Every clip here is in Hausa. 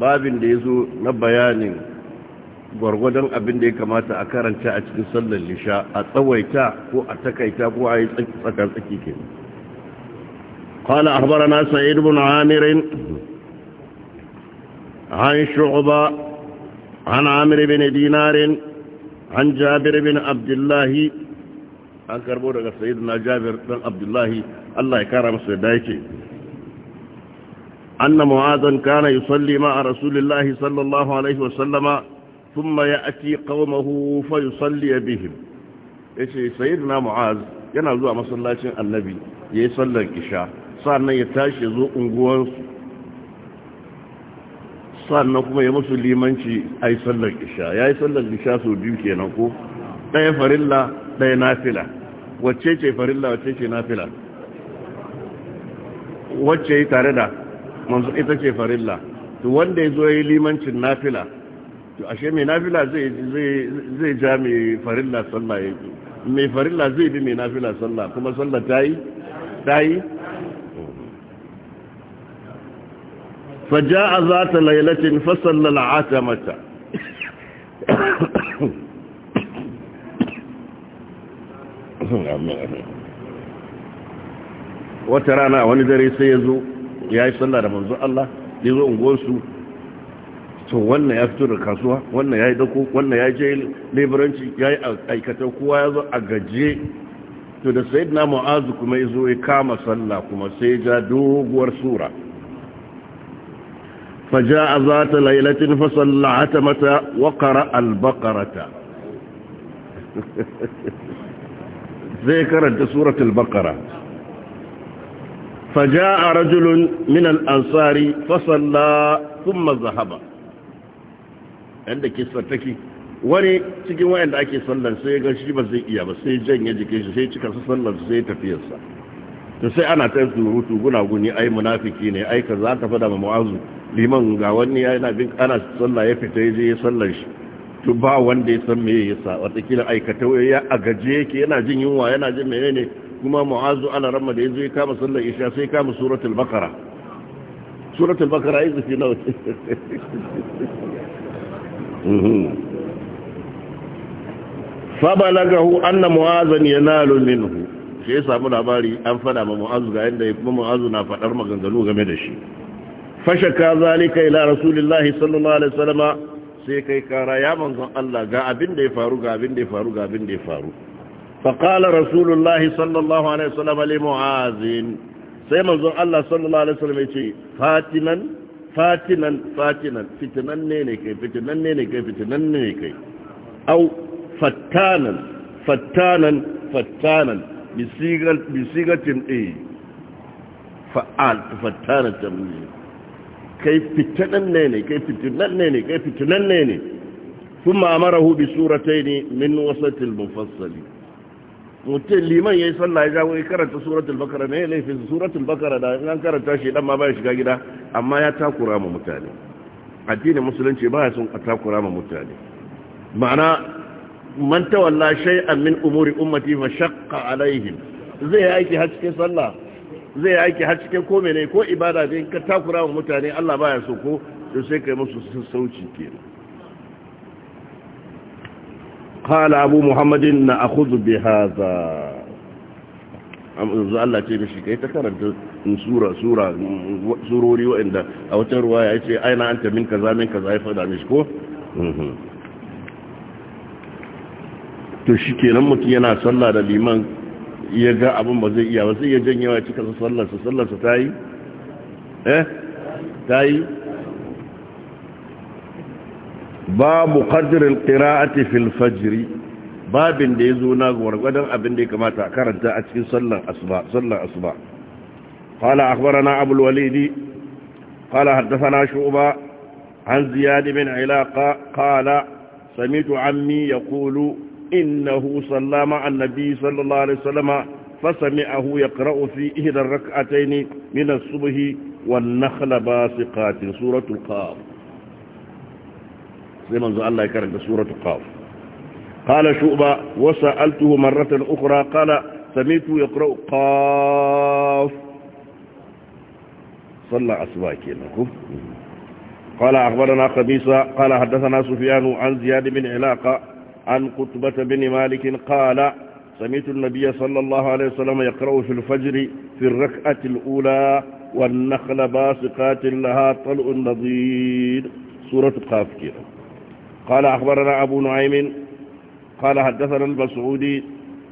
babin da ya zo na bayanin gwargwadon abin da ya kamata a karanta a cikin sallar lisha a tsawaita ko a takaita ko a yi tsakar tsaki ke قال a سعيد an عن bin Dinarin, an بن دينار عن جابر بن عبد الله عن كربورة سيدنا جابر بن عبد الله الله يكرم سيدنا أن معاذا كان يصلي مع رسول الله صلى الله عليه وسلم ثم يأتي قومه فيصلي بهم سيدنا معاذ ينزو مسلاتين النبي يصلى الكشاء sannan ya tashi zo unguwarsu sannan kuma ya musu limanci a yi sallar isha ya yi sallar isha sau biyu kenan ko ɗaya farilla ɗaya nafila wacce ce farilla wacce ce nafila wacce yi tare da manzo ita ce farilla to wanda ya zo ya yi limancin nafila to ashe mai nafila zai ja mai farilla sallah ya yi mai farilla zai bi mai nafila sallah kuma sallah ta yi ta yi faja'a za ta lailatin fasallal atamata wata rana wani dare sai ya zo ya yi sallah da manzon Allah ya zo unguwarsu to wannan ya fito da kasuwa wannan ya yi dako wannan ya je leburanci ya yi aikata kowa ya zo a gaje to da sayid na mu'azu kuma ya zo ya kama sallah kuma sai ja doguwar sura faja a za ta lailatin fasallata mata waƙara albakarata zai karanta suratul bakara فجاء رجل من الأنصار فصلى ثم ذهب عند كسفة تكي wani cikin wayanda ake sallar sai ga shi ba zai iya ba sai janye jike shi sai cika su sallar sai tafiyarsa to sai ana ta guna guni. ai munafiki ne ai za ka fada ma mu'azu liman ga wani yana bin ana sallah ya fita ya je ya sallar shi to ba wanda ya san me yasa wata kila aikata ya agaje yake yana jin yunwa yana jin menene kuma mu'azu ana ramma da yanzu ya kama sallar isha sai kama suratul bakara suratul bakara ya zafi nawa mhm. fabalagahu anna mu'azan yanalu minhu sai ya samu labari an fada ma mu'azu ga yadda kuma mu'azu na fadar maganganu game da shi fashaka zalika ila rasulillahi sallallahu alaihi wasallama sai kai kara ya manzon Allah ga abin da ya faru ga abin da ya faru ga abin da ya faru فقال رسول الله صلى الله عليه وسلم لمعاذ سيما زر الله صلى الله عليه وسلم يقول فاتنا فاتنا فاتنا فتنني نكي فتنني نكي فتنني نكي أو فتانا فتانا فتانا بصيغة بصيغة إيه فعال فتانا تمني كيف فتنني كيف كي كيف نكي ثم أمره بسورتين من وسط المفصلين mutum liman ya yi sallah ya jawo ya karanta suratul bakara ne laifin suratul bakara da an karanta shi dan ma ba ya shiga gida amma ya takura ma mutane addinin musulunci ba ya sun takura ma mutane ma'ana man tawalla shay'an min umuri ummati fa shaqqa alaihim zai aiki har cikin sallah zai aiki har cikin ko menene ko ibada din ka takura ma mutane Allah baya so ko sai kai musu sauci kenan قال أبو محمد نأخذ بهذا yanzu Allah ce mishi kai ta karanta sura sura surori wa'anda a wata ruwaya yace aina anta min kaza min kaza ya fada mishi ko to shikenan mutum yana sallah da liman ya ga abin ba zai iya ba sai ya janyewa cika sallar sa sallar sa tayi eh tayi باب قدر القراءة في الفجر باب دي زونا غورغدان ابن دي كما تكرنت ا cikin sallar asba sallar asba قال اخبرنا ابو الوليد قال حدثنا شعبه عن زياد بن علاقه قال سمعت عمي يقول انه صلى مع النبي صلى الله عليه وسلم فسمعه يقرا في احدى الركعتين من الصبح والنخل باسقات سوره القاف زي منذ الله يكرك بسورة قاف قال شؤبة وسألته مرة أخرى قال سميت يقرأ قاف صلى أسواك لكم قال أخبرنا خبيصة قال حدثنا سفيان عن زياد بن علاقة عن قطبة بن مالك قال سمعت النبي صلى الله عليه وسلم يقرأ في الفجر في الركعة الأولى والنخل باسقات لها طلء نضيد سورة قاف كده قال أخبرنا أبو نعيم قال حدثنا البسعودي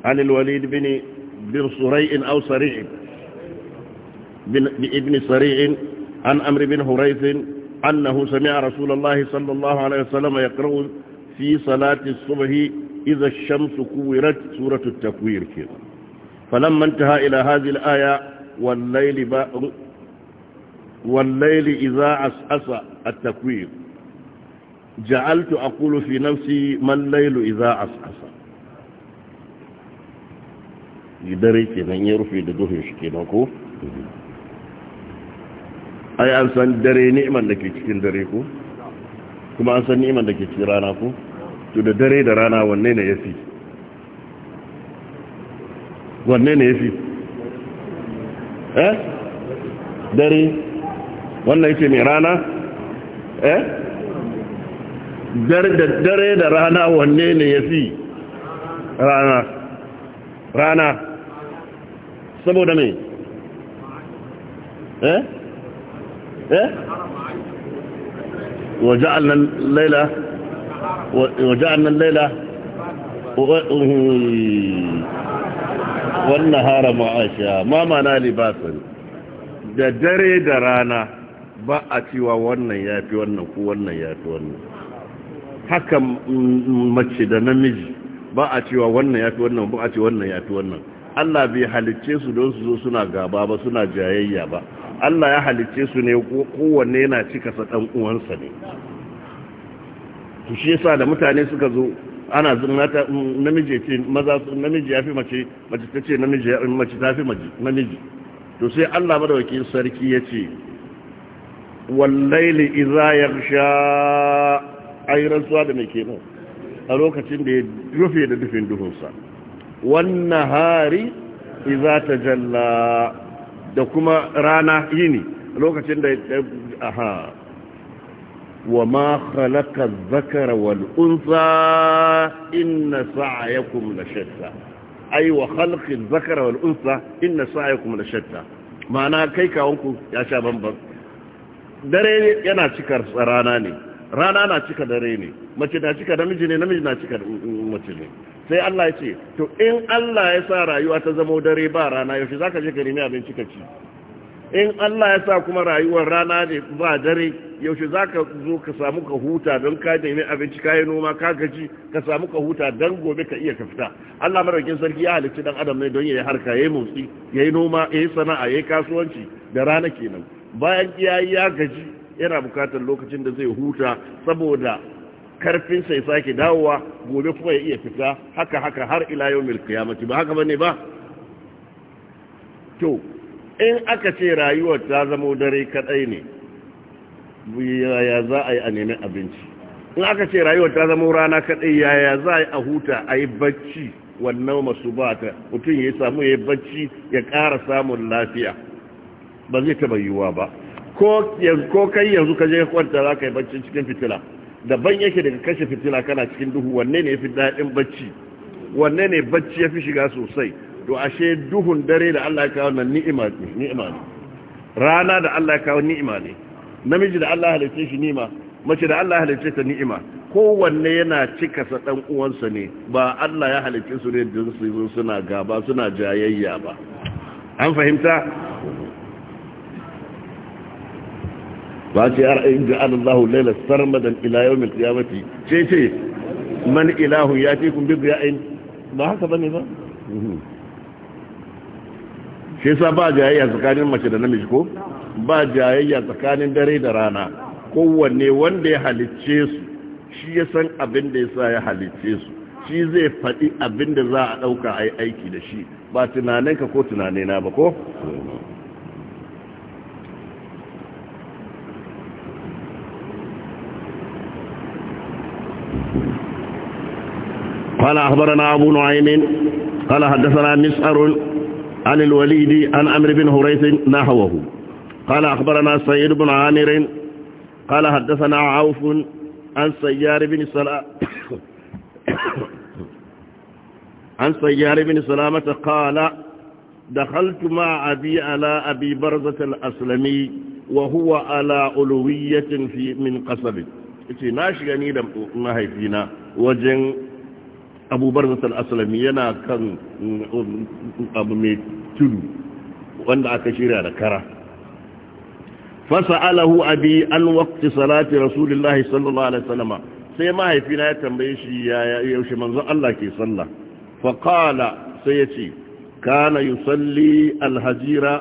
عن الوليد بن بن صريع أو صريع بابن صريع عن أمر بن هريث أنه سمع رسول الله صلى الله عليه وسلم يقرأ في صلاة الصبح إذا الشمس كورت سورة التكوير كذا فلما انتهى إلى هذه الآية والليل, والليل إذا عسأس التكوير Ja'altu جعلت أقول في نفسي ما الليل إذا عسعس dare kenan ya rufe da duhun shi kenan ko ai an san dare ni'imar da ke cikin dare ko kuma an san ni'imar da ke cikin rana ko to da dare da rana wanne ne yafi wanne ne yafi eh dare wannan yake mai rana eh dare da rana wanne ne ya fi rana rana saboda ne eh eh وجعلنا الليلة وجعلنا الليلة والنهار معاشا ma معنى libasan. da dare da rana ba a cewa wannan ya fi wannan ko wannan ya fi wannan haka mace da namiji ba a cewa wannan ya fi wannan ba a ce wannan ya fi wannan Allah bai halicce su don su zo suna gaba ba suna jayayya ba Allah ya halicce su ne kowanne yana cika sa ɗan uwansa ne shi yasa da mutane suka zo ana zunata namiji ce maza su namiji ya fi mace mace ta ce namiji ya mace ta fi namiji to sai Allah madawaki sarki ya ce wallaili idza yaghsha Ayi, suwa da mai kenan a lokacin da ya rufe da dufin duhunsa wannan hari iza ta jalla da kuma rana yini lokacin da ya, aha wa ma khalaqa zakara wal unsa inna sa'ayakum la shatta ay wa khalaqi zakara wal unsa inna sa'ayakum la shatta ma'ana kai kawanku ya sha banban dare yana cikar rana ne rana na cika dare ne mace na cika namiji ne namiji na cika mace ne sai Allah ya ce to in Allah ya sa rayuwa ta zama dare ba rana yaushe zaka je ka nemi abinci ka ci in Allah ya sa kuma rayuwar rana ne ba dare yaushe zaka zo ka samu ka huta don ka nemi abinci ka yi noma ka gaji ka samu ka huta don gobe ka iya ka fita Allah madaukin sarki ya halicci dan adam ne don yayi harka yayi motsi yayi noma yayi sana'a yayi kasuwanci da rana kenan bayan iyayi ya gaji yana bukatar lokacin da zai huta saboda karfin sai sake dawowa gobe kuma ya iya fita haka haka har ila yawmil qiyamati ba haka bane ba to in aka ce rayuwar ta zamo dare kadai ne yaya za a yi a neman abinci in aka ce rayuwar ta zamo rana kadai yaya za a yi a huta a yi bacci wannan masu ba ta mutum ya samu ya yi bacci ya ƙara samun lafiya ba zai taɓa yiwuwa ba ko kai yanzu ka je kwanta za ka yi bacci cikin fitila daban yake daga kashe fitila kana cikin duhu wanne ne fi daɗin bacci wanne ne bacci ya fi shiga sosai to ashe duhun dare da Allah ya kawo na ni'ima ne rana da Allah ya kawo ni'ima ne namiji da Allah halitta shi ni'ima mace da Allah halitta ta ni'ima kowanne yana cika sa dan uwansa ne ba Allah ya halitta su ne don su suna gaba suna jayayya ba an fahimta ba ce yar in ja'ala Allahu layla sarmadan ila yawm al-qiyamati ce ce man ilahu kun bi ayin ba haka bane ba mhm. shi sa ba jayayya tsakanin mace da namiji ko ba jayayya tsakanin dare da rana kowanne wanda ya halicce su shi ya san abin da yasa ya halicce su shi zai faɗi abin da za a ɗauka a yi aiki da shi ba tunaninka ko tunanina ba ko? قال أخبرنا أبو نعيم قال حدثنا مسعر عن الوليد عن أمر بن هريث نحوه قال أخبرنا سيد بن عامر قال حدثنا عوف عن سيار بن سلام عن سيار بن سلامة قال دخلت مع أبي على أبي برزة الأسلمي وهو على علوية في من قصب ناشي غني دم نهي فينا وجن abubar zasar asalami yana kan mm, mm, abu mai tudu wanda aka shirya da kara Alahu abi an waqti salati rasulullahi sallallahu alaihi wasallama sai mahaifina ya tambaye shi yaushe manzon Allah ke sallah fa qala sai yace kana salli alhajira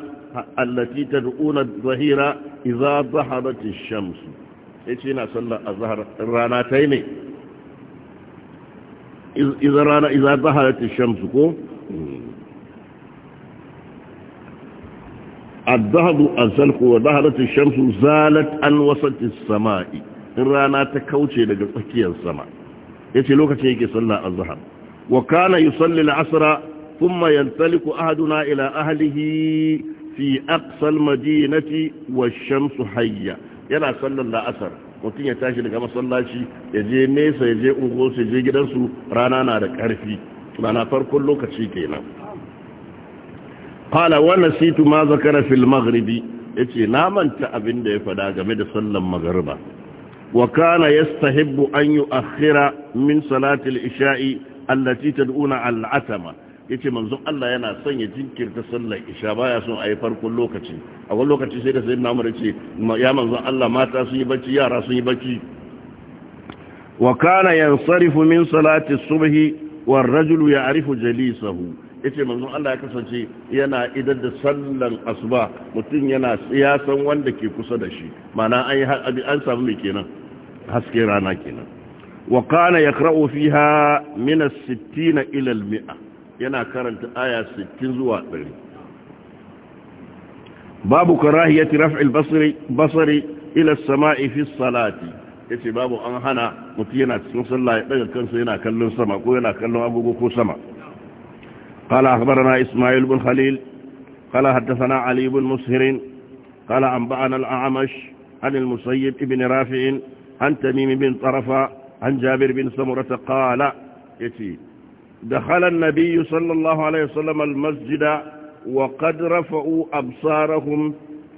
allati tad'una adh-dhahira idha dhahabat ash ya ce yana sallar azhar rana yi ne إذا رانا إذا ظهرت الشمس كو الذهب الزلق وظهرت الشمس زالت عن وسط السماء رانا تكوشي لك تكيا السماء يتي لوكا تيكي صلى الظهر وكان يصلي العصر ثم ينطلق أحدنا إلى أهله في أقصى المدينة والشمس حية يلا صلى العصر mutum ya tashi daga masallaci ya je nesa ya je unguwarsu ya je gidansu rana na da ƙarfi rana farkon lokaci kenan qala wa nasitu ma zakara fil maghribi yace na manta abin da ya fada game da sallan magriba wa kana yastahibbu an yu'akhkhira min salati al-isha'i allati tad'una al-atama yace manzon Allah yana son ya jinkirta sallar isha ya son ayi farkon lokaci a wani lokaci sai da sayyidina Umar ce, ya manzon Allah mata sun yi bacci yara sun yi bacci wa kana yansarifu min salati as-subh wa ar-rajulu ya'rifu jalisahu yace manzon Allah ya kasance yana idan da sallar asuba mutum yana ya san wanda ke kusa da shi Mana an an samu mai kenan haske rana kenan wa kana yaqra'u fiha min as-sittina ila al-mi'ah yana karanta aya 60 zuwa 100 babu karahiyati raf'il basri basri ila as-sama'i fi as-salati yace babu an hana mutum yana cikin sallah ya daga kansa yana kallon sama ko yana kallon abugo ko sama قال أخبرنا إسماعيل بن خليل قال حدثنا علي بن مسهر قال أنبعنا الأعمش عن المسيب بن رافع عن تميم بن طرفة عن جابر بن سمرة قال يتي دخل النبي صلى الله عليه وسلم المسجد وقد رفعوا أبصارهم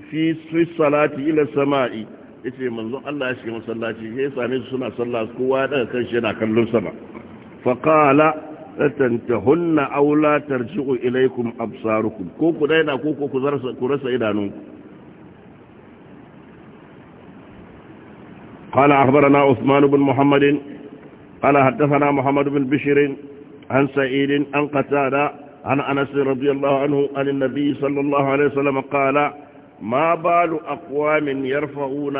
في الصلاة إلى السماء yace manzon Allah ya shiga masallaci sai ya same su suna sallah kowa daga kan yana kallon sama fa qala tantahunna aw la tarji'u ilaykum absarukum ko ku daina ko ku rasa idanunku qala akhbarana Uthman ibn Muhammadin qala عن سعيد عن قتادة عن أنس رضي الله عنه عن النبي صلى الله عليه وسلم قال ما بال أقوام يرفعون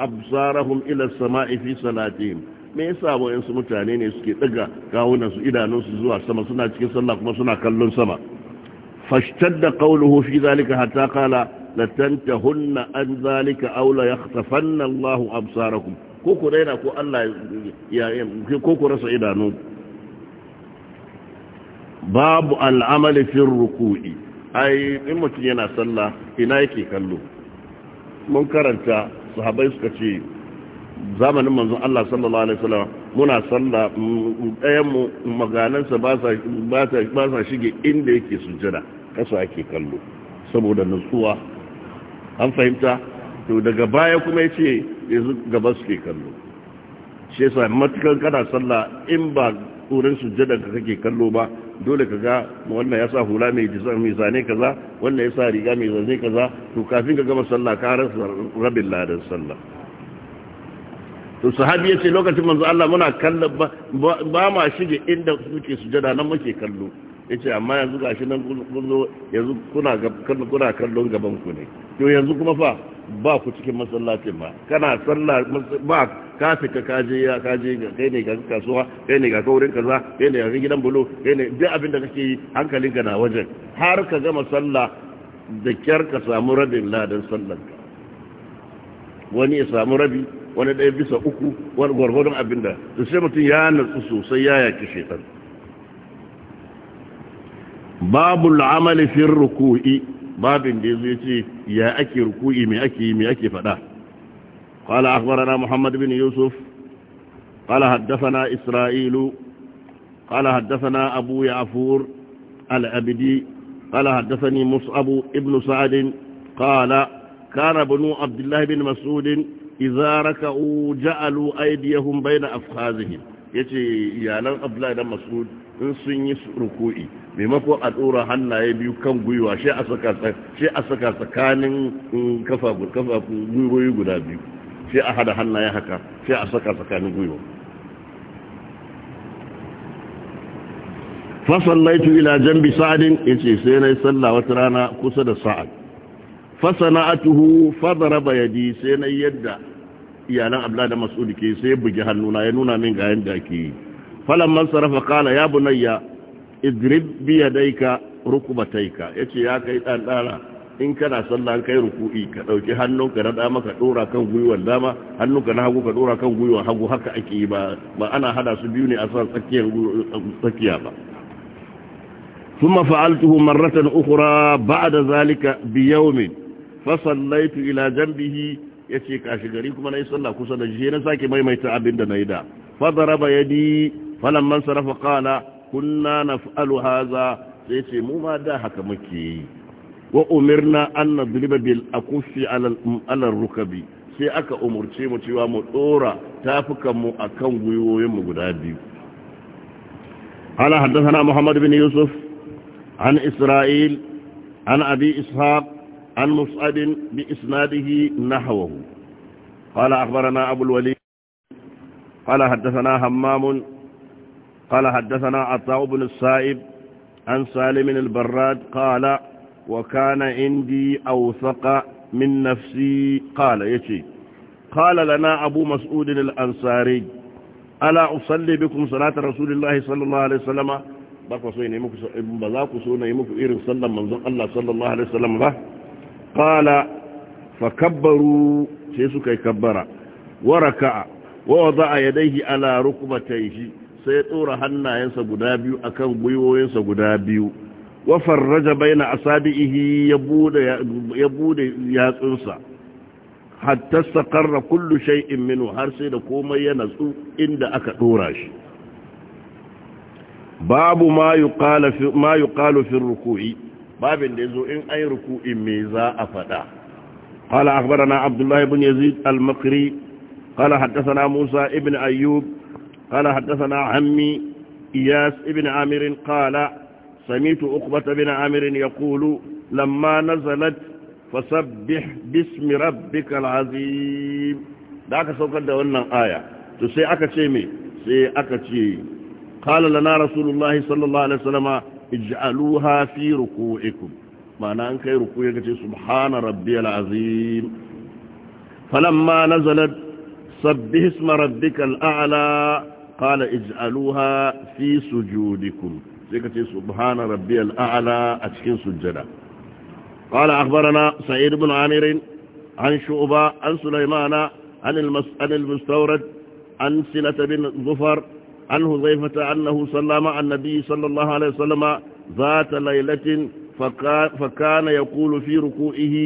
أبصارهم إلى السماء في صلاتهم me yasa wa'insu mutane ne suke daga kawunansu idanunsu zuwa sama suna cikin sallah kuma suna kallon sama fashtadda qawluhu fi zalika hatta qala latantahunna an zalika aw la yakhtafanna Allahu absarakum ko ku daina ko Allah ya ko ku rasa idanunku babu al'amali fin ruku'i ai in mutum yana salla ina yake kallo mun karanta habai suka ce zamanin manzon Allah sallallahu alaihi wasallam muna salla ɗayan mu maganansa ba sa shige inda yake sujjada kasa ake kallo saboda nutsuwa an fahimta to daga baya kuma yace yanzu gaba suke kallo shi yasa matukan kada sallah in ba tsoron sujjadan ka kake kallo ba dole ka ga wannan ya sa hula mai zane kaza wannan ya sa riga mai zane kaza to kafin ka gama sallah ka rasa rabin ladan sallah to sahabi ya ce lokacin manzo Allah muna kallon ba ma shige inda muke sujjada nan muke kallo ce amma yanzu gashi nan kun yanzu kuna kallon gaban ku ne to yanzu kuma fa ba ku cikin masallacin ba kana sallah ba ka fita ka je ya ka je kai ne ga kasuwa kai ne ga kaurin kaza kai ne ga gidan bulo kai ne duk abin da kake yi ka na wajen har ka gama sallah da kyar ka samu rabin ladan sallar wani ya samu rabi wani ɗaya bisa uku wani gwargwadon abin da sai mutum ya natsu sosai ya yaki shekaru babu al'amali fi ruku'i babin da yazo ce ya ake ruku'i me ake yi me ake fada qala akhbarana muhammad bin yusuf qala haddathana isra'ilu qala haddathana abu ya'fur al-abdi qala haddathani mus'ab ibn sa'd qala kana banu Abdullahi bin Masudin? mas'ud idza raka'u ja'alu aydiyahum bayna Ya ce iyalan Abdullahi don Masudin. in sun yi ruku'i maimakon a ɗora hannaye biyu kan gwiwa shi a saka tsakanin mm, kafa gwiwoyi guda biyu shi a hada hannaye haka shi a saka tsakanin gwiwa laitu ila jambi sa'adin ya ce sai na yi tsalla wata rana kusa da sa'ad fasana'atuhu fadara bayadi sai na yadda iyalan abla da masu ke sai bugi hannuna ya nuna min ga yadda ake yi falon mansarafa kala ya bunayya idrib biya daika rukubataika ya ce ya kai ɗanɗana in kana sallan kai ruku'i ka ɗauki hannunka na dama ka ɗora kan gwiwon dama hannunka na hagu ka ɗora kan gwiwon hagu haka ake yi ba ana hada su biyu ne a san tsakiya ba sun mafa'altuhu ratan ukura ba a da zalika biyaumin fasallaitu ila jambihi yace ce kashi gari kuma na yi sallah kusa da shi na sake maimaita abinda da na yi da فضرب يدي فلما انصرف قال كنا نفعل هذا سيتي مو ما دا حكا مكي وأمرنا أن نضرب بالأكف على على الركب sai aka umurce mu cewa mu dora tafukanmu a kan gwiwoyinmu guda biyu ala haddasa muhammad bin yusuf an isra'il an abi ishaq an mus'abin bi isnadihi nahawahu qala akhbarana abul walid قال حدثنا همام قال حدثنا عطاء بن السائب عن سالم البراد قال وكان عندي أوثق من نفسي قال يتي قال لنا أبو مسعود الأنصاري ألا أصلي بكم صلاة رسول الله صلى الله عليه وسلم بذاك سونا يمك إيرن صلى الله صلى الله عليه وسلم قال فكبروا سيسك يكبر وركع wa ya yadayhi ala shi sai ya tsora hannayensa guda biyu akan gwiwoyinsa guda biyu wa farraja baina asabihi ya ihi ya bude yatsunsa hatta saqarra kullu shay'in minhu har sai da komai ya natsu inda aka ɗora shi babu ma yuqala ruku'i babin da yazo in ayi ruku'i me za a fada qala akhbarana abdullah ibn yazid al قال حدثنا موسى ابن أيوب قال حدثنا عمي إياس ابن عامر قال سمعت أقبة بن عامر يقول لما نزلت فسبح باسم ربك العظيم دعك سوف دولنا آية تسي أكتشيمي سي أكتشي قال لنا رسول الله صلى الله عليه وسلم اجعلوها في ركوعكم معنى أنك ركوعك سبحان ربي العظيم فلما نزلت سبه اسم ربك الأعلى قال اجعلوها في سجودكم سيكتي سبحان ربي الأعلى أتكين سجدا قال أخبرنا سعيد بن عامر عن شعبة عن سليمان عن, المس... عن المستورد عن سلة بن ظفر عن هذيفة أنه صلى مع النبي صلى الله عليه وسلم ذات ليلة فكا... فكان يقول في ركوئه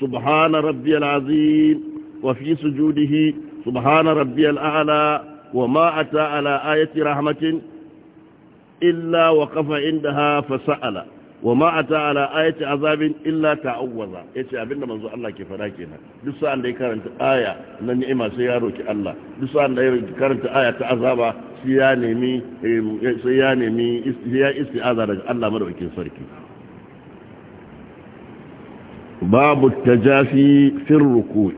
سبحان ربي العظيم وفي سجوده سبحان ربي الأعلى وما أتى على آية رحمة إلا وقف عندها فسأل وما أتى على آية عذاب إلا تعوذ يتي أبن منذ الله كيف راكينا لسا أن كانت آية لن إما سياروك الله لسا أن كانت آية عذاب سياني سياني مي مي سيانمي سيانمي رجل الله مروك سركي باب التجافي في الركوع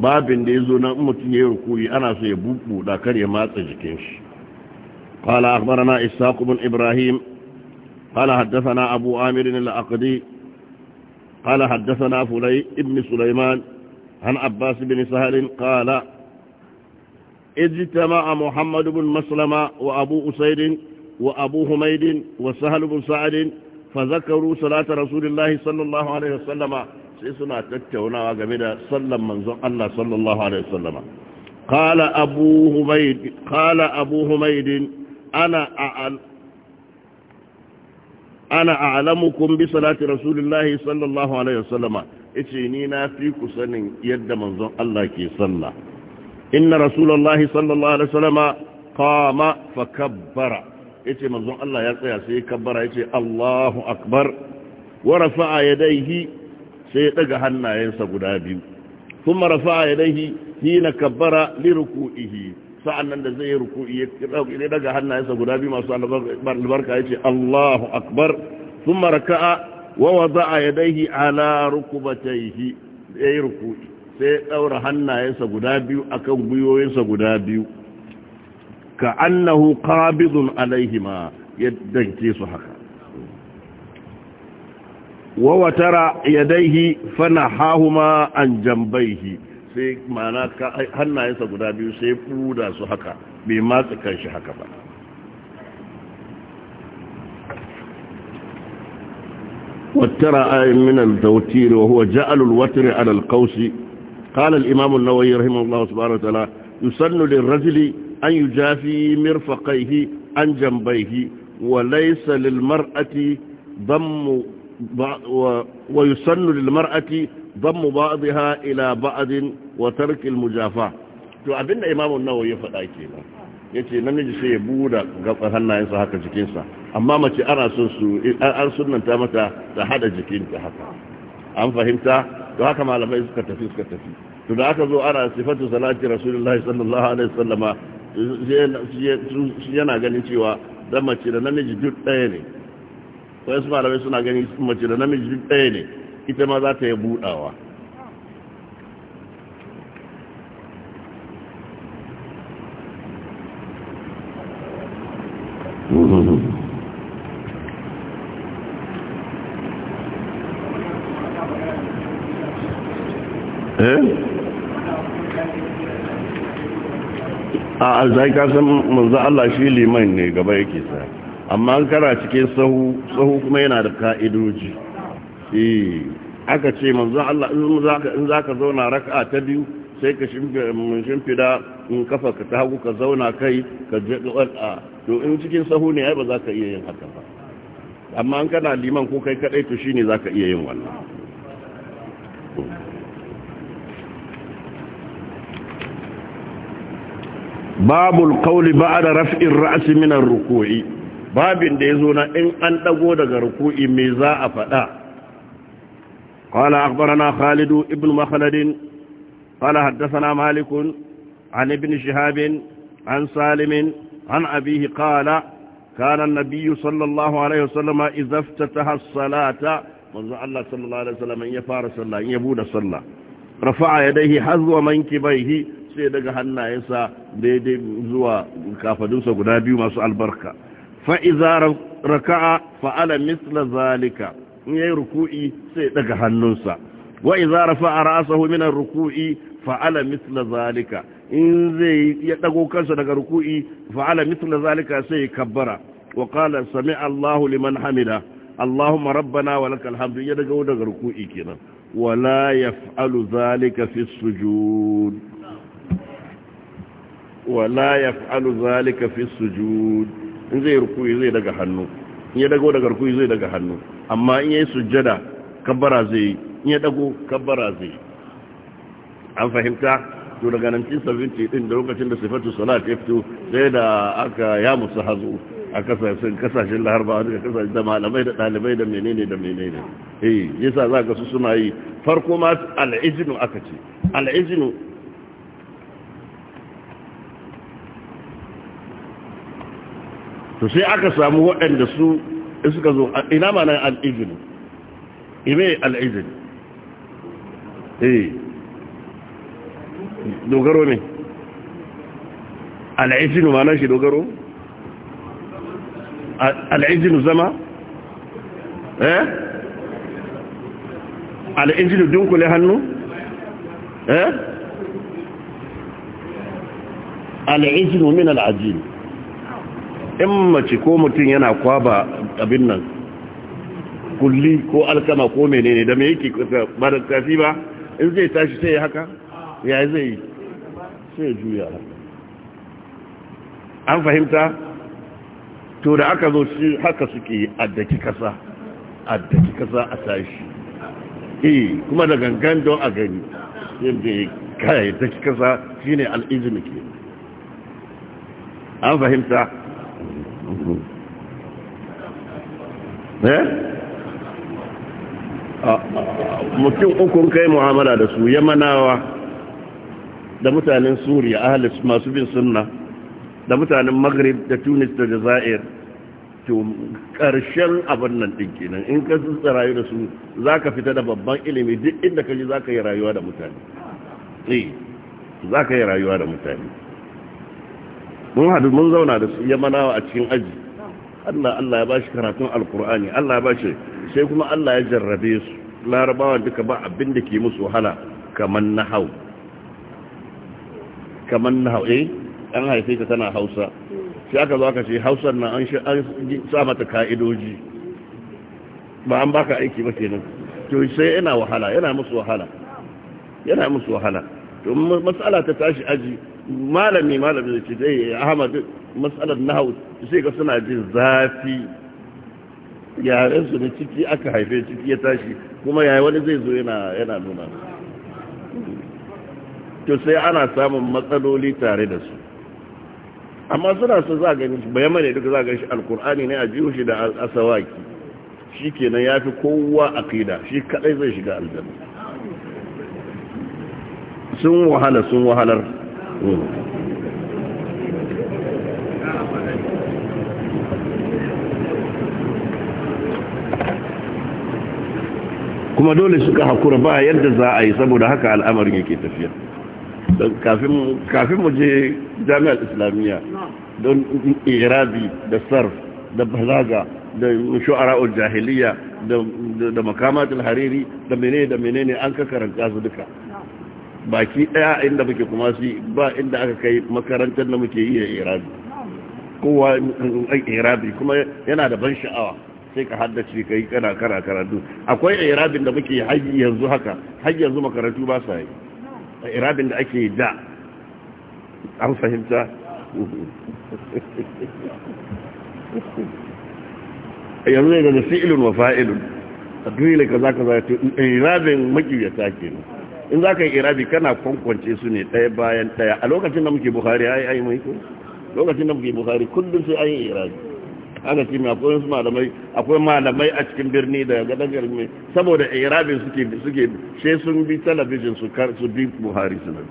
babin da ya zo na mutum ya yi rukuri ana so ya buɗe kar ya matsa jikin shi قال أخبرنا إساق بن إبراهيم قال حدثنا أبو عامر الأقدي قال حدثنا فلي ابن سليمان عن عباس بن سهل قال اجتمع محمد بن مسلمة وأبو أسيد وأبو حميد وسهل بن سعد فذكروا صلاة رسول الله صلى الله عليه وسلم sai suna tattaunawa game da sallan manzon Allah sallallahu alaihi wasallama qala abu humayd qala abu humayd ana a ana a'lamukum bi salati rasulillahi sallallahu alaihi wasallama Ice ni na fi ku sanin yadda manzon Allah ke salla. inna rasulullahi sallallahu alaihi wasallama fa kabbara" yace manzon Allah ya tsaya sai kabbara yace Allahu akbar wa rafa'a yadayhi sai ya daga hannayensa guda biyu sun marafa ya dahi hina kabbara liruku'ihi sa'an nan da zai yi ruku'i ya daga hannayensa guda biyu masu albarka ya ce allahu akbar sun maraka'a wa wada'a ya dahi ala rukubataihi ya yi ruku'i sai ya ɗaura hannayensa guda biyu akan gwiwoyinsa guda biyu ka annahu qabidun alaihima ya danke su haka wawatara yadaihi fanahahuma an jambaihi sai mana hannayensa guda biyu sai buda su haka bai matsa kanshi haka ba واترى آي من التوتير وهو جعل الوتر على القوس قال الإمام النووي رحمه الله سبحانه وتعالى يسن للرجل أن يجافي مرفقيه عن جنبيه وليس للمرأة ضم ويسن للمرأة ضم بعضها إلى بعض وترك المجافاة to abin da imamun nawawi ya faɗa kenan yace namiji sai ya buɗe gaban hannayensa haka jikinsa amma mace ana son su an sunanta mata ta hada jikinta haka an fahimta to haka malamai suka tafi suka tafi to da aka zo ana sifatu salati rasulullahi sallallahu alaihi wasallama yana ganin cewa da mace da namiji duk ɗaya ne Ko su malamai suna gani mace da namiji ɗaya ne ita ma za ta yi buɗawa eh? a zai kasan manzo Allah shi liman ne gaba yake sa amma an kara cikin sahu sahu kuma yana da ka'idoji eh aka ce manzo Allah in zaka in zauna raka'a ta biyu sai ka mm, shimfida in kafa ka ta hagu ka zauna kai ka jaɗuwar wata to in cikin sahu ne ai ba za ka iya yin haka ba amma an kana liman ko kai kaɗai to shi ne za ka iya yin wannan babul kauli ba da raf'in ra'asi minar ruku'i babin da ya zo na in an ɗago daga ruku'i me za a faɗa ƙwala akbarana khalidu ibn makhaladin ƙwala haddasa malikun an ibn shihabin an salimin an abihi ƙwala kanan nabiyu sallallahu alaihi wasallama izafta ta hassalata manzo Allah sallallahu alaihi wasallam ya fara sallah ya bude sallah rafa'a manki bai mankibaihi sai daga hannayensa daidai zuwa kafadunsa guda biyu masu albarka fa'iza raka'a fa'ala misla zalika in yayi ruku'i sai daga hannunsa wa iza rafa'a ra'sahu min ar-ruku'i fa'ala misla zalika in zai ya dago kansa daga ruku'i fa'ala misla zalika sai kabbara wa qala sami'a Allahu liman hamida Allahumma rabbana wa lakal hamdu ya dago daga ruku'i kenan wala yaf'alu zalika fi as-sujud ولا يفعل ذلك في السجود in zai rukuyi zai daga hannu in ya dago daga rukuyi zai daga hannu amma in ya yi sujjada kabbara zai yi in ya dago kabbara zai yi an fahimta to daga 1970 din da lokacin da sifatu salat ya fito sai da aka ya musu hazo a kasashen kasashen ba wani kasashen da malamai da dalibai da menene da menene eh yasa za ka su suna yi farko ma al'izinu aka ce al'izinu to sai aka samu waɗanda su suka zo ina ma nan al'izini ime al'izini eh dogaro ne al'izini ma nan shi dogaro al'izini zama eh al'izini dunkule hannu eh al'izini min al'ajini in mace ko mutum yana kwaba abin nan kulli ko alkama ko menene da me yake ba da ba in zai tashi sai haka ya zai sai juya an fahimta to da aka zo shi haka suke addaki kasa addaki kasa a tashi eh kuma da gangan don a gani yadda kai addaki kasa ne al'izmi ke an fahimta Eh? mutum ukun kai mu'amala da su yamanawa da mutanen suriya ahalis masu bin sunna da mutanen maghrib da tunis da jazair to karshen abin nan din kenan in ka tsara rayu da su za ka fita da babban ilimi duk inda ka ji za ka yi rayuwa da mutane eh, za ka yi rayuwa da mutane mun hadu mun zauna da su manawa a cikin aji Allah Allah ya bashi karatun alkur'ani Allah ya bashi sai kuma Allah ya jarrabe su larabawa duka ba abin da ke musu wahala kaman nahau kaman nahau eh an haife ta tana Hausa sai aka zo aka ce hausa na an shi an sa mata ka'idoji ba an baka aiki ba kenan to sai yana wahala yana musu wahala yana musu wahala to masala ta tashi aji malami malami da ce dai ahmad matsalar nahawu sai ga suna jin zafi yaren su da ciki aka haife ciki ya tashi kuma yayi wani zai zo yana yana nuna to sai ana samun matsaloli tare da su amma suna su za gani bayan mane duka za gani shi alkur'ani ne a jiho shi da asawaki shi kenan ya fi kowa aqida shi kadai zai shiga aljanna sun wahala sun wahalar kuma dole suka hakura ba yadda za a yi saboda haka al'amarin yake tafiya kafin mu je jami'ar islamiyya don irabi da sarf da balaga da shu'ara'ul jahiliya da makamatul hariri da menene da menene an ka karanta su duka baki daya inda muke kuma su ba inda aka kai makarantar da muke yi a irabi kowa irabi kuma yana da ban sha'awa sai ka haddace kai kana kara karatu akwai irabin da muke haji yanzu haka haji yanzu makarantu ba sa yi a irabin da ake da an fahimta yanzu ne da fi'ilun wa fa'ilun a duniya kaza kaza irabin makiyata kenan in za ka yi irabi kana kwankwance su ne ɗaya bayan ɗaya a lokacin da muke buhari ya yi ayi mai ko lokacin da muke buhari kullum sai ayi yi irabi aka ce mai akwai wasu malamai akwai malamai a cikin birni da gadon mai saboda irabi suke suke sai sun bi talabijin su kar su bi buhari su nan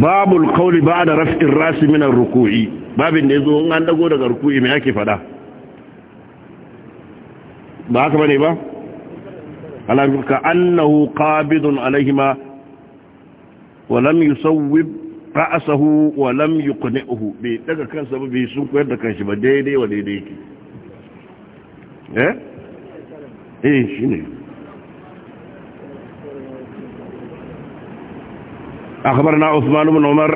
babul qawli ba'da raf'ir rasi min ar-ruku'i babin da ya zo an dago daga ruku'i mai ake fada ba haka bane ba alamka annahu qabidun alaihima wa lam yusawwib ra'sahu wa lam yuqni'uhu bai daga kansa ba bai sun koyar da kanshi ba daidai wa daidai yake eh eh shine أخبرنا عثمان بن عمر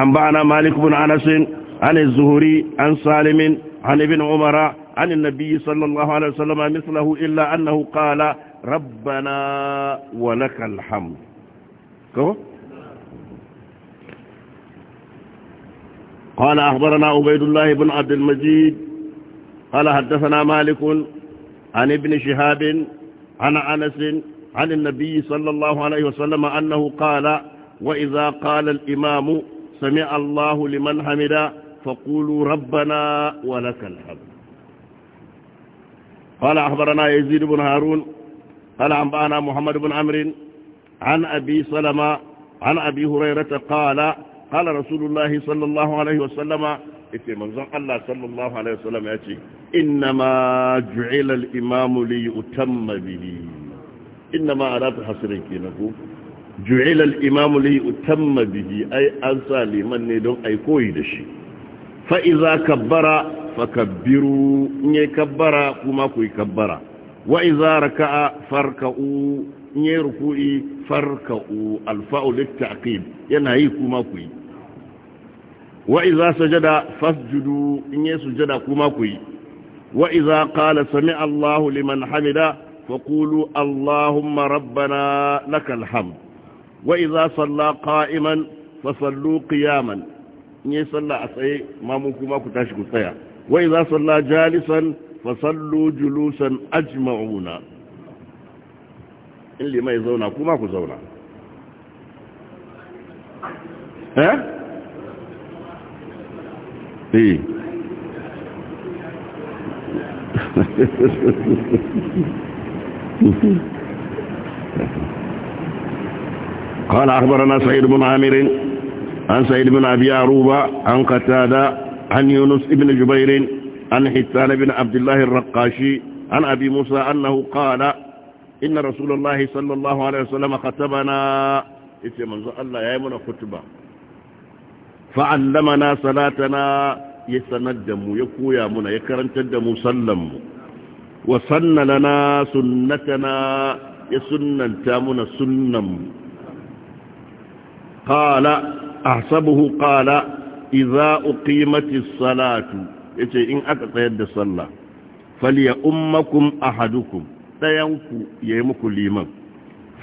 أنبأنا مالك بن أنس عن الزهري عن سالم عن ابن عمر عن النبي صلى الله عليه وسلم مثله إلا أنه قال ربنا ولك الحمد كهو قال أخبرنا عبيد الله بن عبد المجيد قال حدثنا مالك عن ابن شهاب عن أنس عن النبي صلى الله عليه وسلم أنه قال وإذا قال الإمام سمع الله لمن حمده فقولوا ربنا ولك الحمد قال أخبرنا يزيد بن هارون قال أنبأنا محمد بن عمرو عن أبي سلمة عن أبي هريرة قال قال رسول الله صلى الله عليه وسلم ite manzon Allah sallallahu alaihi wasallam ya ce innama ju'ila al-imam li yutamma bihi innama arata hasrin kinaku ju'ila al-imam li yutamma bihi ai an sa liman ne don ai koyi da shi فإذا كبر فكبروا كبر كما كبر وإذا ركع فركعوا يركعوا فركعوا الفاء للتعقيب ينهي كما وإذا سجد فاسجدوا سجد كما وإذا قال سمع الله لمن حمد فقولوا اللهم ربنا لك الحمد وإذا صلى قائما فصلوا قياما in yi sallah a tsaye mamun kuma ku tashi ku tsaya wai za salla jalisan fasallu julusan ajma'una in limai zauna kuma ku zauna eh? eh قال أخبرنا سعيد بن عامر عن سيد بن أبي عروبة عن قتادة عن يونس بن جبير عن حسان بن عبد الله الرقاشي عن أبي موسى أنه قال إن رسول الله صلى الله عليه وسلم ختبنا إذن منظر الله يأمنا خطبة فعلمنا صلاتنا يسندم يكويا منا يكرنتدم سلم وسن لنا سنتنا يسنن تامنا سنم قال ahsabuhu qala idza uqimatis salatu yace in aka tsayar da sallah falya ummakum ahadukum dayanku yayi muku liman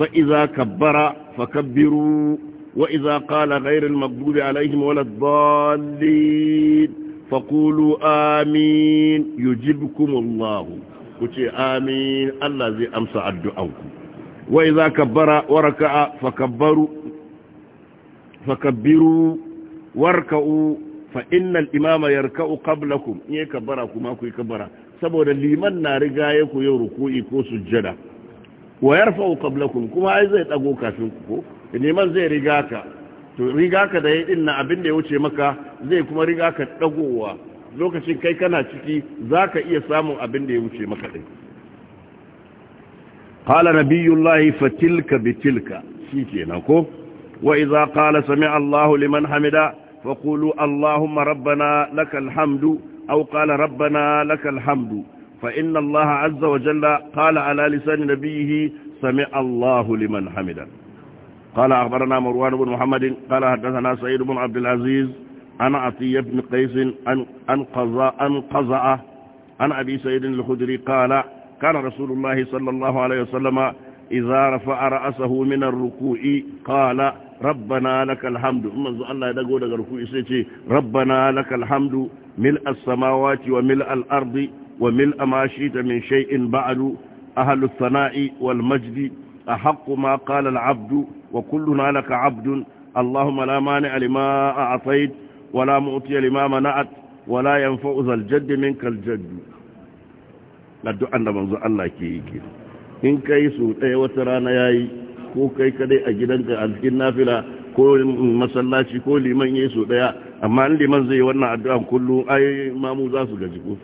fa idza kabbara fakabbiru wa idza qala ghayril maghdubi alaihim waladdallin faqulu amin yujibkumullahu kuce amin Allah zai amsa addu'anku wa idza kabbara wa raka'a fakabbaru fakabbiru warka'u fa innal imama yarka'u qablakum in kabbara kuma ku yi kabbara saboda liman na riga ya ku yau ruku'i ko sujjada wa yarfa'u qablakum kuma ai zai dago kafin ku ko liman zai riga ka to riga ka da yayi din na abin da ya wuce maka zai kuma riga ka dagowa lokacin kai kana ciki zaka iya samun abin da ya wuce maka din qala nabiyullahi fatilka bitilka shikenan ko وإذا قال سمع الله لمن حمد فقولوا اللهم ربنا لك الحمد أو قال ربنا لك الحمد فإن الله عز وجل قال على لسان نبيه سمع الله لمن حمد قال أخبرنا مروان بن محمد قال حدثنا سعيد بن عبد العزيز عن عطية بن قيس عن قزعة عن أبي سعيد الخدري قال كان رسول الله صلى الله عليه وسلم إذا رفع رأسه من الركوع قال rabbana lakal hamdu in manzo Allah ya dago daga ruku'i sai ce rabbana lakal hamdu mil as-samawati wa mil al-ardi wa mil ma shi'ta min shay'in ba'du ahlu as-sana'i wal majdi ahqqu ma qala al-'abdu wa kulluna laka 'abdun اللهم لا مانع لما أعطيت ولا مؤتي لما منعت ولا ينفع ذا الجد منك الجد لدعنا منذ الله كيكي in ka yi su ɗaya wata rana ya yi ko kai kadai a gidanka a cikin nafila ko masallaci ko liman yayi so daya amma an liman zai wannan addu'a kullum ai mamu za su gaji ko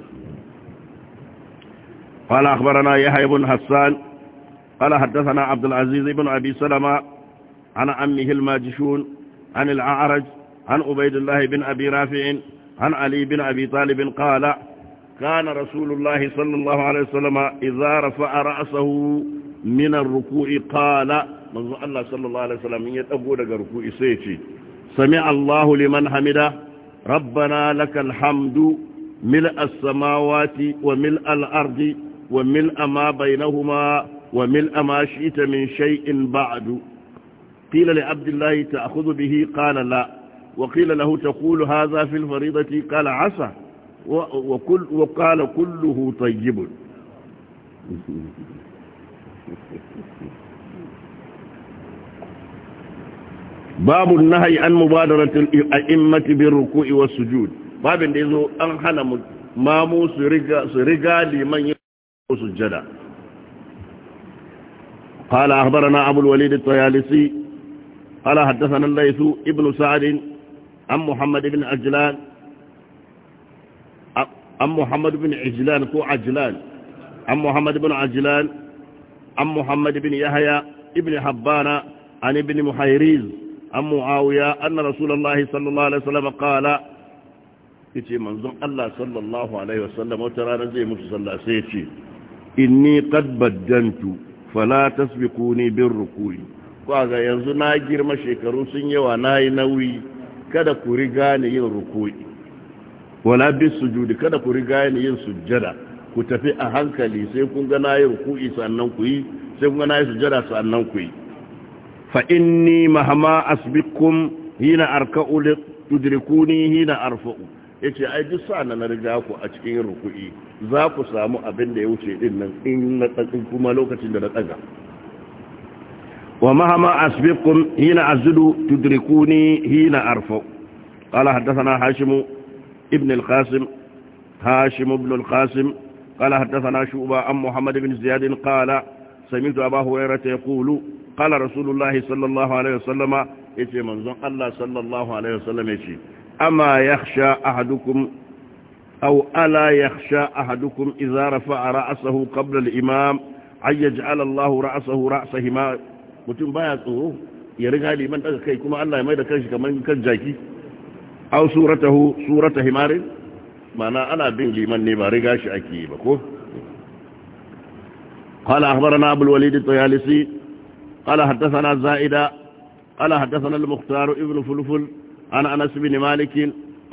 قال أخبرنا يحيى بن حسان قال حدثنا عبد العزيز بن أبي سلمة عن عمه الماجشون عن الأعرج عن عبيد الله بن أبي رافع عن علي بن أبي طالب قال كان رسول الله صلى الله عليه وسلم إذا رفع رأسه من الركوع قال manzo Allah sallallahu alaihi wasallam ya dago daga ruku'i sai ya ce sami Allahu liman hamida rabbana lakal hamdu mil as samawati wa mil al ardi wa mil ma bainahuma wa mil ma shi'ta min shay'in ba'du qila li abdillahi ta'khudhu bihi qala la wa qila lahu taqulu hadha fil fariidati qala 'asa wa kull wa qala kulluhu tayyib Thank you. babu nahyi an mubadaratul a'immati bir ruku'i was sujud babin da yazo an hana mamu su riga su riga liman yin sujjada قال أخبرنا أبو الوليد الطيالسي قال حدثنا الليث ابن سعد عن محمد بن عجلان عن محمد بن عجلان كو عجلان عن محمد بن عجلان عن محمد بن يحيى ابن حبان عن ابن محيريز an mu'awiya anna rasulullahi sallallahu alaihi wasallam qala yace manzon Allah sallallahu alaihi wasallam wata rana zai musu sallah sai yace inni qad baddantu fala tasbiquni birruku'i ga yanzu na girma shekaru sun yawa nayi nauyi kada ku riga ni yin ruku'i wala bisujudi kada ku riga ni yin sujjada ku tafi a hankali sai kun ga nayi ruku'i sannan ku yi sai kun ga nayi sujjada sannan ku yi فإني مهما أسبقكم هنا أركأ تدركوني هنا أرفأ yace ai duk sa na riga ku a cikin ruku'i za ku samu abin da ya wuce din nan in na tsaki kuma lokacin da na tsaga wa mahama asbiqkum hina azdu tudrikuni hina arfa qala hadathana hashim ibn al-qasim hashim ibn al-qasim qala hadathana shu'ba am muhammad ibn ziyad qala sami'tu abahu hurairah yaqulu قال رسول الله صلى الله عليه وسلم يتي منزون الله صلى الله عليه وسلم يتي أما يخشى أحدكم أو ألا يخشى أحدكم إذا رفع رأسه قبل الإمام أن يجعل الله رأسه رأس همار متن بايا tsoro ya riga liman daga kai kuma Allah ya mai da kanshi kamar kan jaki aw suratahu surata himarin mana ana bin liman ne ba riga shi ake ba ko قال أخبرنا أبو الوليد الطيالسي قال حدثنا الزائدة قال حدثنا المختار ابن فلفل عن أنس بن مالك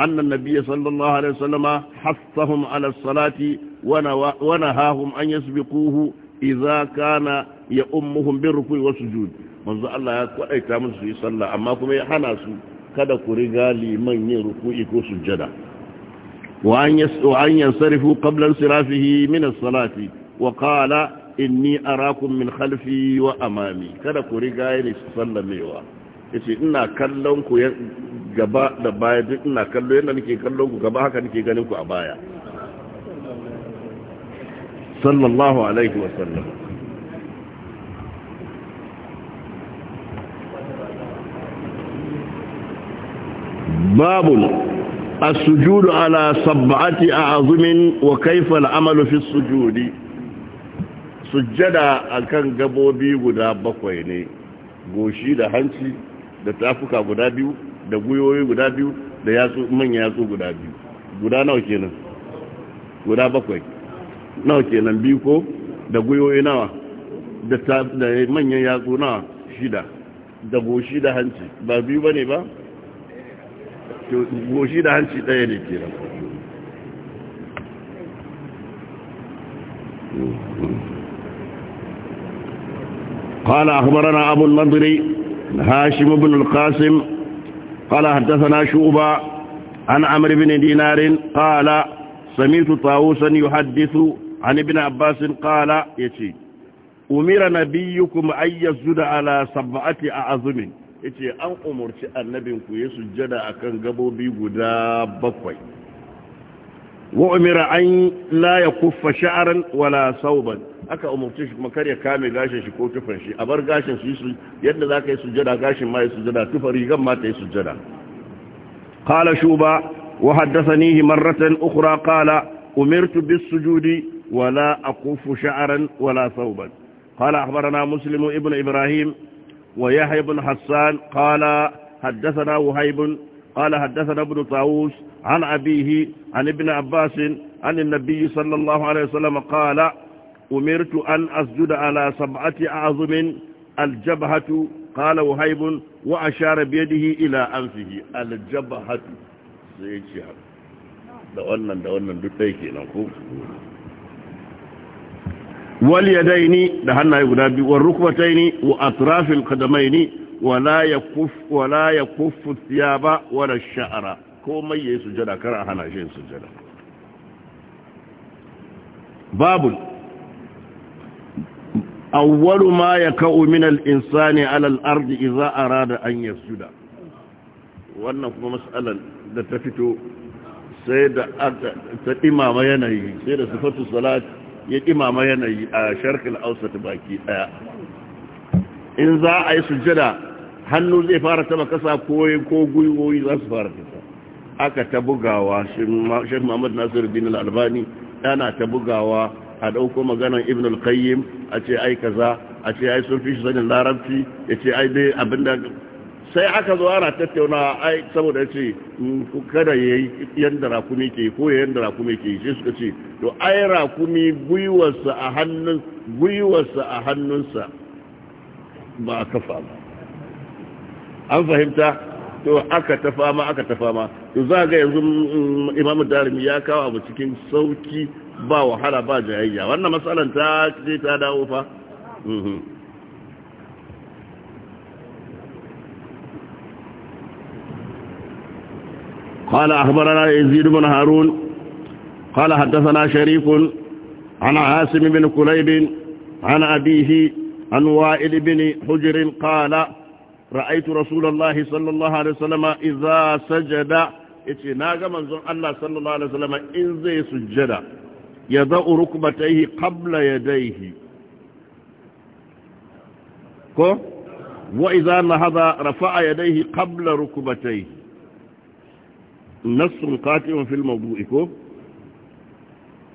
أن النبي صلى الله عليه وسلم حثهم على الصلاة ونهاهم أن يسبقوه إذا كان يأمهم بالركوع والسجود من منذ الله يقول أي تامن سوء صلى أما كم يحناسوا كذا كرغا من يركوع وسجد وأن, وأن ينصرفوا قبل انصرافه من الصلاة وقال inni arakun min khalfi wa amami kada ku riga ni sallamewa yace ina kallon ku gaba da baya duk ina kallo yadda nake kallon ku gaba haka nake ganin ku a baya sallallahu alaihi wa sallam babun as-sujudu ala sab'ati a'zumin wa kayfa al-amalu fi as-sujudi sujjada akan gabobi guda bakwai ne goshi da hanci da tafuka guda biyu da guyoyi guda biyu da yatsu manyan yatsu guda biyu guda nawa kenan guda bakwai nawa kenan biyu ko da guyoyi nawa da manyan yatsu nawa shida da goshi da hanci ba biyu bane ba goshi da hanci daya ne kenan Mm-hmm. قال أخبرنا أبو النضر هاشم بن القاسم قال حدثنا شعبة عن عمر بن دينار قال سميت طاوسا يحدث عن ابن عباس قال يتي أمير نبيكم أن يزد على سبعة أعظم يتي أن أمرت النبي يسجد أكن قبو بيقدا بقوي wa umira an la yakuffa sha'ran wala sauban aka umurce shi makar ya kame gashin shi ko tufan shi a bar gashin shi su yadda za ka yi sujada gashin ma yi sujada tufa rigan ma ta yi sujada qala shuba wa haddathanihi marratan ukhra qala umirtu bis sujudi wala aquffu sha'ran wala sauban قال أخبرنا مسلم ابن إبراهيم ويحيى بن حسان قال حدثنا وهيب قال حدثنا ابن طاووس عن أبيه عن ابن عباس عن النبي صلى الله عليه وسلم قال أمرت أن أسجد على سبعة أعظم الجبهة قال وهيب وأشار بيده إلى أنفه الجبهة سيجي da wannan da wannan duk dai kenan ko wal yadaini da hannaye guda biyu war rukbataini wa atrafil qadamaini wala ya kuffu ya ba thiyaba sha'ara komai yayi sujada kar a hana shi sujada babul awwalu ma yakau min al-insani ala al-ardi idza arada an yasjuda wannan kuma mas'alan da ta fito sai da ta imama yanayi sai da sifatu salat ya imama yanayi a sharkil ausat baki daya in za a yi sujada hannu zai fara taba kasa ko gwiwoyi za su fara kasa aka ta bugawa shek muhammad nasiru al albani yana ta bugawa a dauko maganan ibn al-qayyim a ce ai kaza a ce ai sun fi shi sanin larabci ya ce ai dai da sai aka zo ana tattauna ai saboda ce mm, kada ya yi yadda rakumi ke ko ya yadda rakumi ke shi suka ce to ai rakumi gwiwarsa a hannun gwiwarsa a hannunsa ba a kafa ba an fahimta to aka ta fama aka ta fama to za ga yanzu mm, imamu darimi ya kawo abu cikin sauki ba wahala ba jayayya wannan matsalan ta ce ta dawo fa mhm. قال أخبرنا يزيد بن هارون قال حدثنا شريف عن عاسم بن كليب عن أبيه عن وائل بن حجر قال رأيت رسول الله صلى الله عليه وسلم إذا سجد اتناغ منظر الله صلى الله عليه وسلم إن زي سجد يضع ركبتيه قبل يديه كو وإذا نهض رفع يديه قبل ركبتيه نص قاتم في الموضوع كو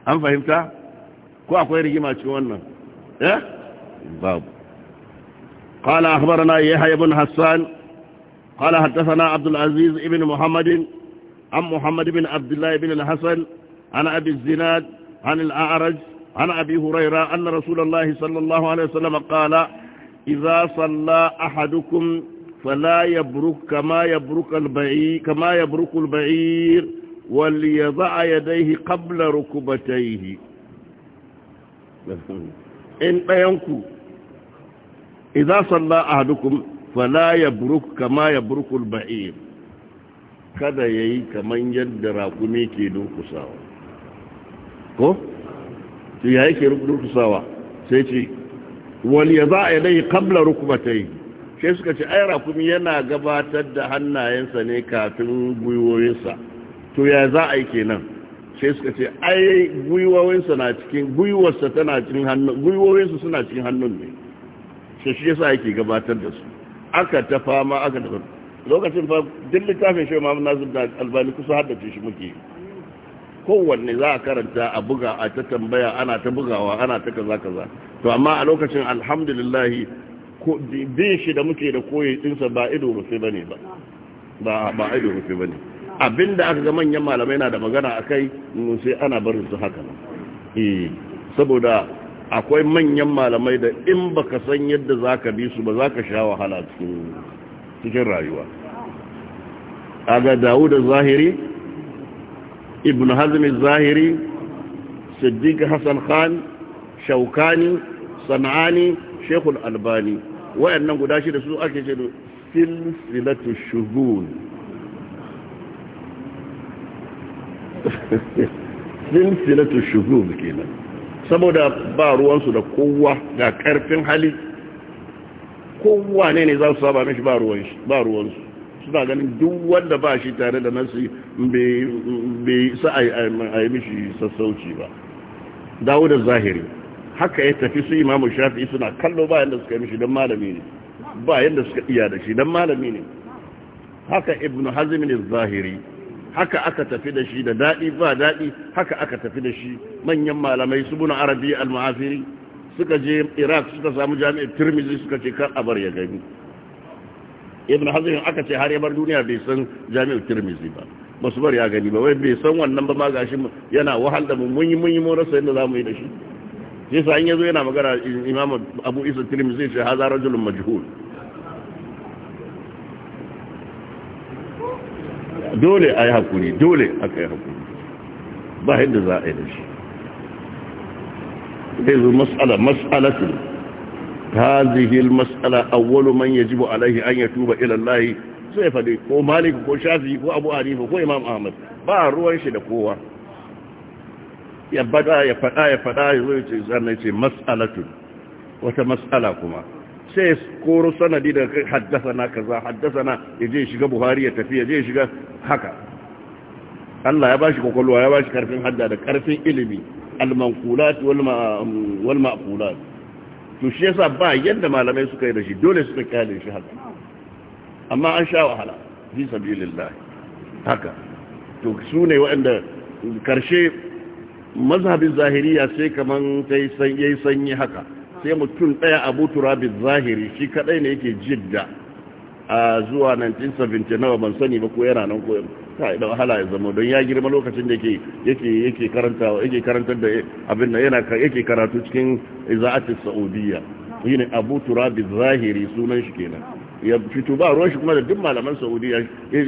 أم فهمت كو أقوى رجيما تشوانا إيه باب قال أخبرنا يحيى بن حسان قال حدثنا عبد العزيز بن محمد عن محمد بن عبد الله بن الحسن عن أبي الزناد عن الأعرج عن أبي هريرة أن رسول الله صلى الله عليه وسلم قال إذا صلى أحدكم فلا يبرك كما يبرك البعير كما يبرك البعير وليضع يديه قبل ركبتيه إن بينكم idza salla ahadukum fala yabruk kama burkul ba'i, kada yayi kaman yadda rakumi ke durkusawa ko to ya ke durkusawa sai ce za a yi dai yadai rukumata yi, sai suka ce ai rakumi yana gabatar da hannayensa ne kafin gwiwoyinsa to ya za a yi kenan sai suka ce ai gwiwoyinsa na cikin gwiwarsa tana cikin hannun gwiwoyinsa suna cikin hannun ne sai shi yasa yake gabatar da su aka ta fama aka ta lokacin fa duk littafin shi Muhammad Nasir da Albani kusa haddace shi muke kowanne za a karanta a buga a ta tambaya ana ta bugawa ana ta kaza kaza to amma a lokacin alhamdulillah ko bin shi da muke da koyi sa ba ido rufe bane ba ba ba ido rufe bane abinda aka ga manyan malamai na da magana akai sai ana barin su haka eh saboda akwai manyan malamai da in ba ka san yadda za ka bi su ba za ka sha wahala cikin rayuwa a ga Dawud zahiri Ibn Hazmi zahiri Siddiq Hassan Khan Shaukani Sana'ani, Shekul Albani, albani wayannan guda shi da su ake ce silsilatu shugun silsilatu shugun kenan saboda ba ruwansu da kowa ga karfin hali kowa ne ne za su saba mishi ba ruwansu suna ganin duk wanda ba shi tare da nasu bai sa a yi mishi sassauci ba dawo da zahiri haka ya tafi su imamu shafi suna kallo ba yadda suka yi mishi don malami ne ba yadda suka iya da shi don malami ne haka ibn hazmin zahiri haka aka tafi da shi da daɗi ba daɗi haka aka tafi da shi manyan malamai su buna arabi al-ma'afiri suka je iraq suka samu jami'ar tirmizi suka ce kar abar ya gani ibn hazin aka ce har yabar duniya bai san jami'ar tirmizi ba ba su bar ya gani ba wai bai san wannan ba ma gashi yana wahal da mu mun yi mun yi mun rasa yadda za mu yi da shi sai sa an yazo yana magana imam abu isa tirmizi ce hazara rajulun majhul dole a yi haƙuri dole aka yi haƙuri ba yadda za a yi da shi zai zo mas'ala mas'alatin هذه المسألة أول من an ya tuba يتوب إلى الله sai faɗi ko malik ko shafi ko abu hanifa ko imam ahmad ba ruwan shi da kowa ya bada ya faɗa ya faɗa ya zo ya ce wata mas'ala kuma sai koro sanadi da na kaza haddasa ya je shiga buhari ya tafi ya je shiga haka Allah ya bashi kwakwalwa ya bashi karfin hadda da karfin ilimi almankulat um, wal ma'qulat to shi yasa ba yadda malamai suka yi da shi dole suka kyale shi haka amma an sha wahala fi sabilillah haka to su ne waɗanda karshe mazhabin zahiriya sai kaman sai yayi sanyi haka sai mutum ɗaya abu turabi zahiri shi kaɗai ne yake jidda a zuwa 1979 ban sani ba ko yana nan ko ta idan wahala ya zama don ya girma lokacin da yake yake karanta da abin da yana yake karatu cikin iza'atis saudiya ne abu turabi zahiri sunan shi kenan ya fito ba ruwan shi kuma da duk malaman saudiya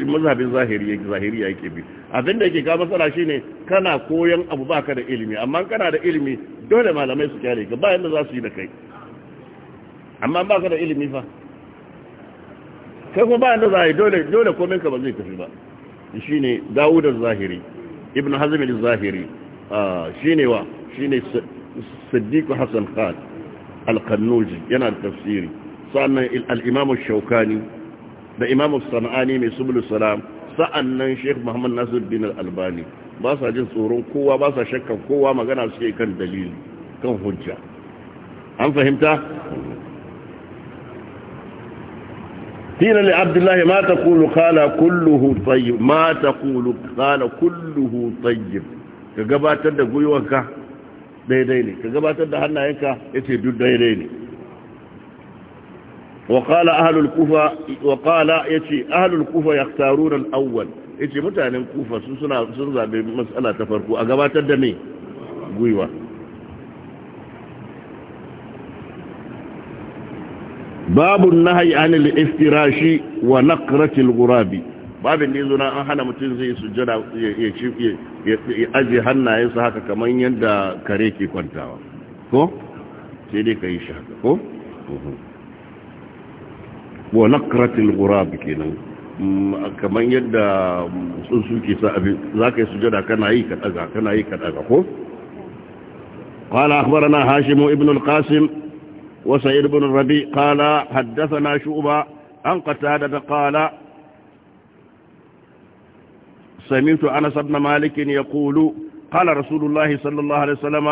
mazhabin zahiri zahiri yake bi abinda yake ga matsala shine kana koyon abu baka da ilimi amma kana da ilimi dole malamai su kyale ka ba yanda za su yi da kai amma ba ka da ilimi fa kai kuma ba yanda za yi dole dole komai ka ba zai tafi ba shine Dawud az-Zahiri Ibn Hazm zahiri ah shine wa shine Siddiq Hassan Khan al-Qanuji yana da tafsiri sa'annan al shaukani da imamu sana'ani mai subul salam sa'annan sheikh muhammad nasir bin al-albani ba sa jin tsoron kowa ba sa shakkan kowa magana suke kan dalili kan hujja an fahimta قيل لعبد الله Kulu-Kala قال كله طيب ما تقول قال كله طيب ka gabatar da gwiwanka daidai ne ka gabatar da hannayenka ya ce duk daidai ne وقال أهل الكوفة وقال يتي أهل الكوفة يختارون الأول يتي متعن الكوفة سنزع سنزع بمسألة تفرقوا أقبات الدمي قويوة باب النهي عن الافتراش ونقرة الغراب باب النزنا أحنا متنزي سجد يأجي هنا يسحك كمان يندى كريكي كنتاوا كو سيدي كيشحك كو مهم ونقرة الغراب كنا كما يدى سنسوكي سأبي ذاك سجد كان أي كان كان أي كان خوف قال أخبرنا هاشم ابن القاسم وسعيد بن الربيع قال حدثنا شعبة عن قتادة قال سمعت أنس بن مالك يقول قال رسول الله صلى الله عليه وسلم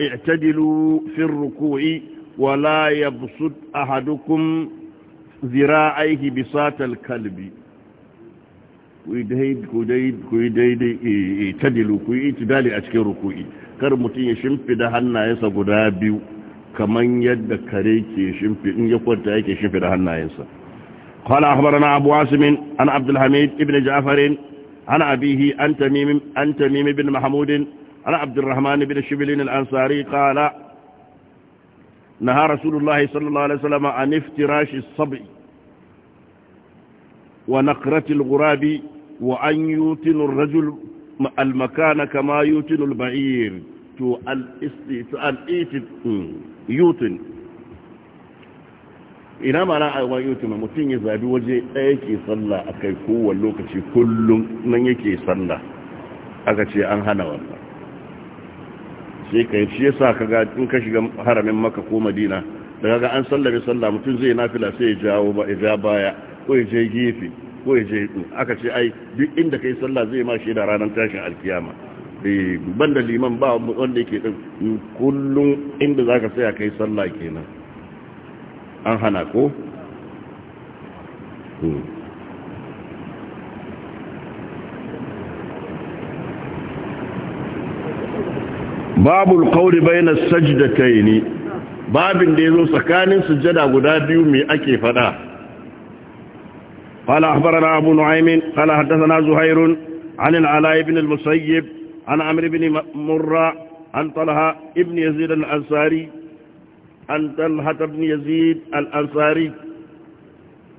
اعتدلوا في الركوع ولا يبسط أحدكم ذراعيه بساط الكلب ويدهيد كويدهيد كويدهيد تدلو كويدهيد تدالي أشكي ركوئي كرمتين يشمفي دهانا ينسى قدابيو كمن يد كريك يشمفي إن يقوات أيك يشمفي دهانا ينسى قال أخبرنا أبو عاسم أنا عبد الحميد ابن جعفر أنا أبيه أنت ميم, أنت ميم بن محمود أنا عبد الرحمن بن الشبلين الأنصاري قال أخبرنا نهى رسول الله صلى الله عليه وسلم عن افتراش الصبع ونقرة الغراب وأن يوتن الرجل المكان كما يوتن البعير hmm, يوتن إنا ما لا أعوى أيوة يوتن ممتن يزعب وجه أيكي صلى أكيفو واللوكة كل من يكي صلى أكتش أنهنا والله sai kai shi yasa kaga in ka shiga haramin maka ko madina da ga an sallame sallah mutum zai nafila sai ya jawo ba ya baya ko ya je gefe ko ya je aka ce ai duk inda kai sallah zai ma shi da ranar tashin alkiyama eh, ban da liman ba wanda yake din kullum inda zaka tsaya yi sallah kenan an hana ko hmm. باب القول بين السجدتين باب babin da yazo سجدة غدا بيو مي اكي فدا قال أخبرنا أبو نعيم قال حدثنا زهير عن العلاء بن المسيب عن عمرو بن مرة عن طلحة ابن يزيد الأنصاري عن طلحة بن يزيد الأنصاري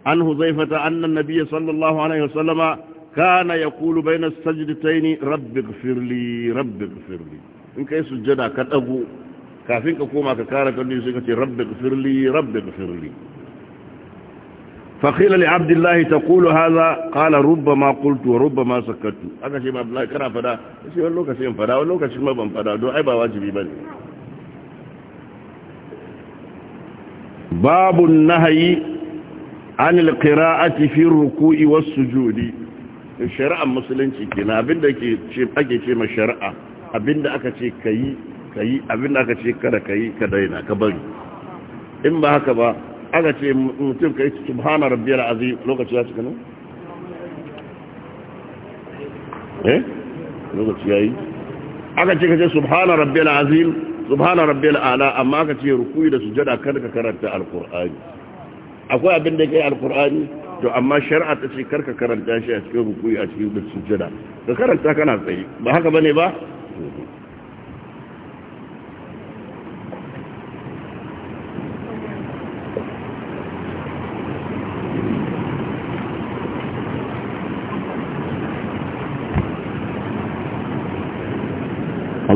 عن هزيفة أن النبي صلى الله عليه وسلم كان يقول بين السجدتين رب اغفر لي رب اغفر لي in kai sujjada ka ɗago kafin ka koma ka kara kan nisa ka ce rabbi gfirli rabbi ta kulu haza, kala rubba ma kultu wa rubba ma sakatu aka ce ma abdullahi kana fada ce wani lokacin fada wani lokacin ma ban fada don ai ba wajibi ba ne. babu nahayi an a fi ruku'i wasu judi shari'a musulunci kenan abinda ake ce ma shari'a abinda aka ce ka yi ka yi abinda aka ce kada ka yi ka daina ka bari in ba haka ba aka ce mutum ka yi subhana rabbiyal azim lokaci ya cika ne eh lokaci yayi yi aka ce ka ce subhana rabbiyal azim subhana rabbiyal ala amma aka ce ruku'i da sujada kada ka karanta alqur'ani akwai abin da kai alqur'ani to amma shari'a ta ce karka karanta shi a cikin ruku'i a cikin sujada ka karanta kana tsaye ba haka bane ba